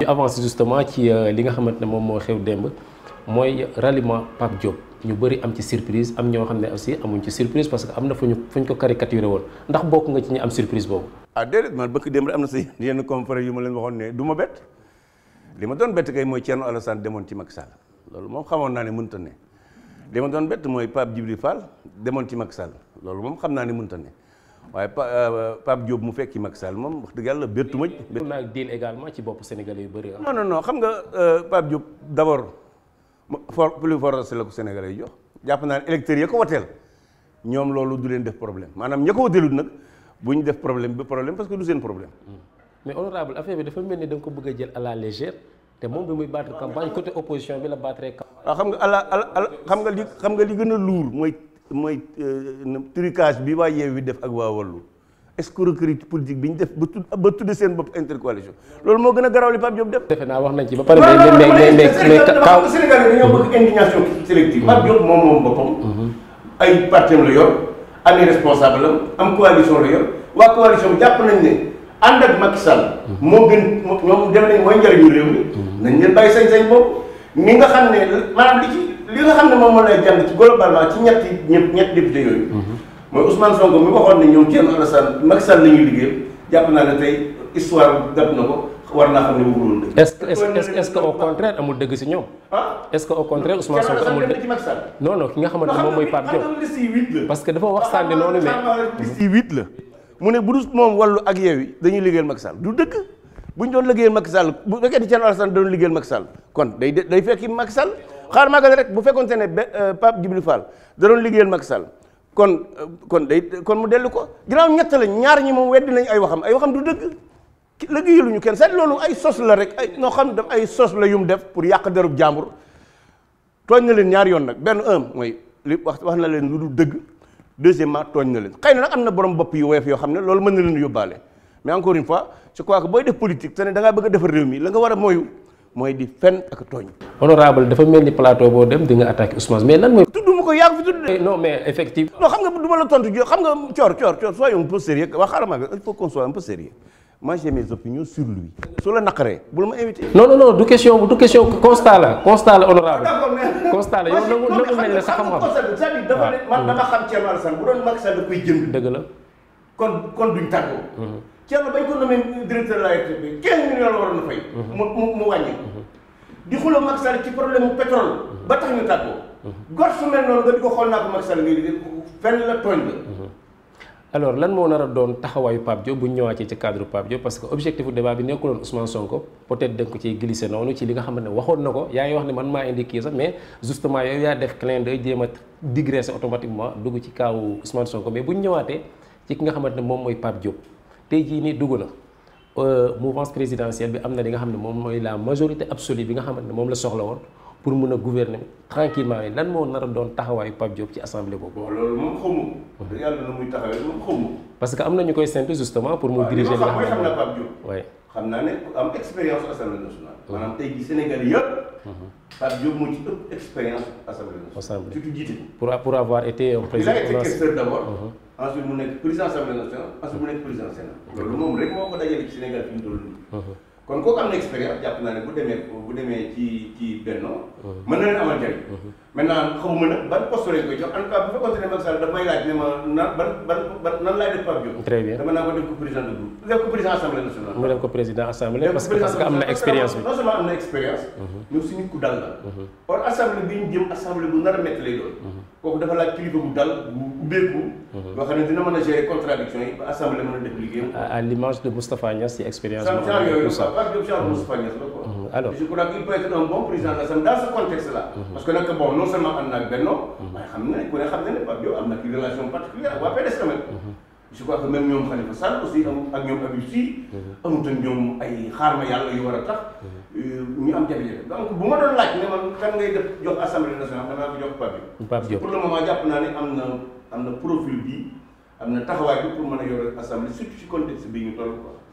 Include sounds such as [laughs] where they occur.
ñu avancé justement ci euh, li nga xamante ne moom moo xew démb mooy ralliement Pape Diop ñu bari am ci surprise am ñoo xam ne aussi amuñ ci surprise parce que am na fu ñu fu ñu ko caricaturé woon ndax bokk nga ci ñi am surprise boobu. ah déedéet man bëgg démb am na si [laughs] yenn confrères yu ma leen waxoon ne du ma bett li ma doon bett kay mooy Thierno Alassane demoon ci Macky Sall loolu moom xamoon naa ne mënta ne li ma doon bett mooy Pape Djibril Fall demoon ci Macky Sall loolu moom xam naa ne mënta ne. waaye euh, Pape Diop mu fekki Macky Sall moom wax dëgg yàlla bettu ma. bettu naa diil également ci bopp Sénégalais yu bëri. Ah. non non non xam nga euh, Pape Diop d' abord for plus fort la ko Sénégalais yi jox jàpp naa ne électeurs ya ko wateel ñoom loolu du leen def problème maanaam ña ko wateelut nag bu ñu def problème bi problème parce que du seen problème. Mm. mais honorable affaire bi dafa mel ni da nga ko bëgg a jël à la légère te moom bi muy battre campagne côté opposition bi la battre xam nga ala ala xam nga li xam nga li gën a luur mooy. mooy euh, trucage bi waa Yewwi def ak waa Wallu escroquerie politique bi ñu def ba tudd ba tudd seen bopp intercoalition loolu moo gën a garaaw li Pape Diop def. defe naa wax nañ ci ba pare. mais mais mais mais kaw Sénégal yi dañoo bëgg indignation sélective. Pape Diop moom moom boppam. Mhm. ay parti am la yor am i responsable la am coalition la yor waa coalition bi jàpp nañ ne. ànd ak Macky Sall. Mhm. moo gën ñoom dem nañ mooy njëriñu réew mi. Mhm. nañ leen bàyyi sañ-sañ boobu. mi nga xam ne maanaam li ci li nga xam ne moom moo lay jàng ci globalement ci ñetti ñëpp ñetti député yooyu. Mhm. mooy Ousmane Sonko mi waxoon ne ñëw Thierno Alassane Macky Sall la ñuy liggéeyal jàpp naa ne tey histoire gàtt na ko war naa xam ne wóorul dëgg. est ce que est ce que au contraire amul dëgg si ñoom. ah est ce que au contraire Ousmane Sonko amul dëgg non non ki nga xamante ne moom mooy Pape Diop. parce que dafa wax sànni noonu mais. liste yi la mhm. mu ne bu dul moom wàllu ak yeewi dañuy liggéeyal Macky Sall du dëgg bu ñu doon liggéeyal Macky Sall bu fekkee ni Thierno Alassane doon liggéeyal Macky kon day day fekki Macky Sall xaar magal rek bu fekkoon ne euh, Pape Djibril Fall da doon liggéeyal Macky Sall kon euh, kon day kon mu dellu ko ginnaaw ñett la ñaar ñi moom weddi nañ ay waxam ay waxam du dëgg liggéeyaluñu kenn sax loolu ay sos la rek ay noo xam daf ay sos la yum def pour yàq derub jàmbur na leen ñaar yoon nag benn un mooy li wax wax na leen lu du dëgg deuxièmement tooñ na leen xëy na nag am na borom bopp yu woyof yoo xam ne loolu mën na leen yóbbaale mais encore une fois je crois que booy def politique te ne da ngaa bëgg a defar réew mi la nga war a moyu mooy di fen ak tooñ. honorable dafa mel ni plateau boo dem di nga attaqué Ousmane mais lan mooy. tudd mu ko yaa ngi fi tudd. Eh, non mais effectivement. non xam nga du ma la tontu jo xam nga coor coor coor soyons un peu sérieux wax xaaral ma il faut qu'on soit un peu sérieux moi j'ai mes opinions sur lui. su la naqaree bul ma invité. non non non du question du question constat la constat la honorable ah, constat la yow nangu nangu nañ la sax xam-xam. c'est-à-dire dafa ne man dama xam Thierno Alassane bu doon Macky Sall da koy jënd. dëgg la kon kon duñ tàggoo. Mhm. Thierno bañ na nommé directeur de la RTP 15 millions waroon a fay. mu mu wàññi. di xuloo Macky ci problème mu pétrole ba tax ñu tàggoo. gor mel noonu nga di ko naa ko Macky Sall ngay ci cadre Pape Diop que objectif bu débat bi nekkul woon Ousmane ko ciy glissé noonu ci li nga xam ne waxoon na ko yaa ngi wax ne man maa indi sax mais justement yow def clin d'œil jéem a digressé automatiquement dugg ci kaawu Ousmane Sonko mais bu ñu ñëwaatee ci ki nga xamante ne moom mooy Pape jo tey jii nii dugg na euh, mouvance présidentielle bi am na li nga xam ne moom mooy la majorité absolue bi nga xamante ne moom la soxla woon pour mun a gouverner tranquillement yi lan moo nar a doon taxawaayu Pape Diop ci assemblée boobu. bon loolu moom xaw mhm. yàlla na muy taxawee moom xaw parce que am na ñu koy simple justement pour mu diriger li nga xam ne xam na Pape xam naa ne am expérience assemblée nationale. maanaam tey jii Sénégal yëpp. Mhm. Pape Diop moo ci ëpp expérience ensuite mu nekk président assemblée nationale ensuite mu nekk président sénat loolu moom rek moo ko dajale ci Sénégal fi mu toll nii kon kooku am na expérience jàpp naa en tout cas bu ko def ko président de groupe mu def ko président assemblée parce que am na expérience bi non seulement am na expérience mais suñu ku dal la or assemblée bi ñu jëm assemblée bu nar a lay doon kooku dafa la kilifa bu dal bu ubbeeku. loo mhm. xam ne dina mën a gérer contradiction yi ba assemblée mën a def liggéeyam. à l'image de Moustapha Niass ci expérience. moom yooyu mhm. Moustapha Niass la quoi. Mhm. alors je crois qu'il peut être bon président de l'Assemblée dans ce contexte là. parce que non seulement am Benno. waaye xam xam ne Pape Diop am na ci relation particulière ak waa PDS je crois que même ñoom Khalifa Sall aussi am ak ñoom Habib Sy mm-hmm. amut ak ñoom ay xaar ma yàlla yu war a tax mm-hmm. ñu am jafe-jafe donc bu ma doon laaj ne man kan ngay def jox assemblée nationale danaa ko jox Pape Pape Diop pour le moment jàpp naa ne am na am na profil bi am na taxawaay bi pour mën a yor assemblée surtout ci contexte bi ñu toll quoi